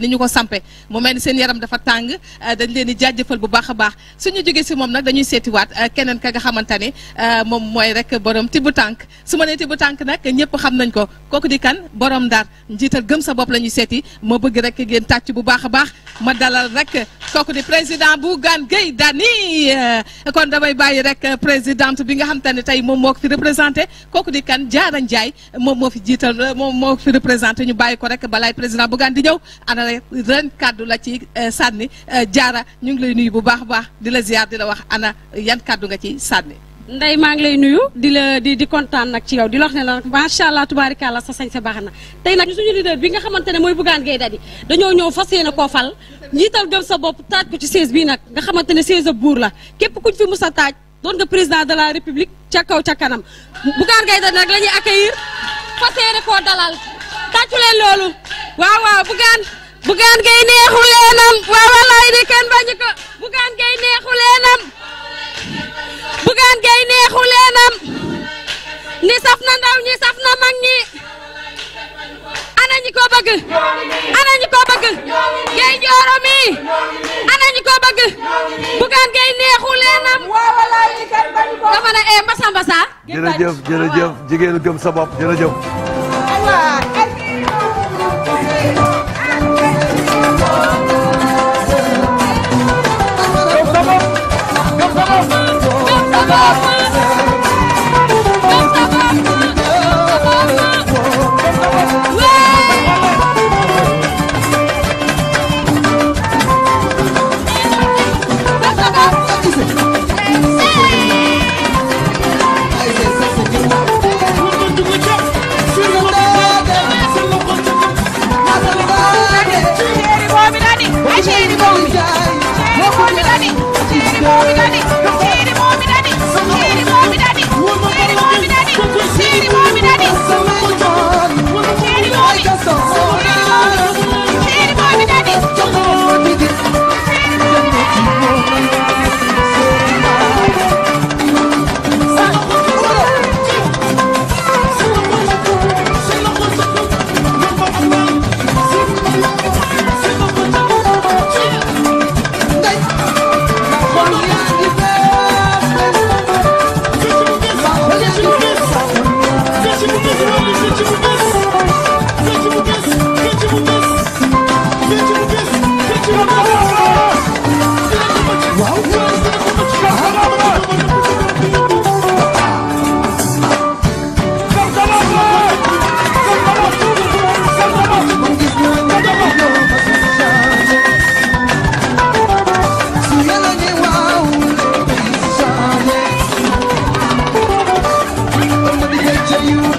ni ñu ko sampe mu mel ni seen yaram dafa tàng euh, dañ leen di jaajëfal bu baax a baax suñu jógee si moom nag dañuy seetiwaat euh, keneen ka nga xamante ne euh, moom mooy rek borom bu tànk su ma nee bu tànk nag ñëpp xam nañ ko kooku di kan borom ndar njiital gëm sa bopp la ñuy seeti ma bëgg rek ngeen tàcc bu baax a baax ma dalal rek kooku di président Bougane Gueye Dany eh, kon damay bàyyi rek eh, présidente bi nga xam te ne tey moom moo ko fi représenté kooku di kan jaara Ndiaye eh, moom moo fi jiital moom moo fi représenté ñu bàyyi ko rek balaay président Bougane di ñëw ana ren kàddu la ci sànni jaara ñu ngi lay nuyu bu baax a baax di la ziar di la wax ana yan kàddu nga ci sànni. ndey maa ngi lay nuyu di la di di kontaan nag ci yow di la ne la macha allah la sa sañ sa baax na tey nag suñu leader bi nga xamante ne mooy Bougane Gueye Dany dañoo ñëw fas yéene koo fal njiital gëm sa bopp taaj ko ci siège bii nag nga xamante ne a buur la képp kuñ fi mus sa taaj doon nga président de la république ca kaw ca kanam Bougane Gueye Dany nag la ñuy accueillir fas yéene koo dalal tàccu leen loolu waaw waaw Bougane Bougane neexu leenam ñi ko ana ñi ko bëgg gay jooro ana ñi ko bëgg bugaan gay neexu leenam ee eh, mbasa mbasa jërëjëf jërëjëf jigéen gëm sa bopp jërëjëf gëm చేరుకోండి చేరుకోండి కానీ చేరుకోండి కానీ you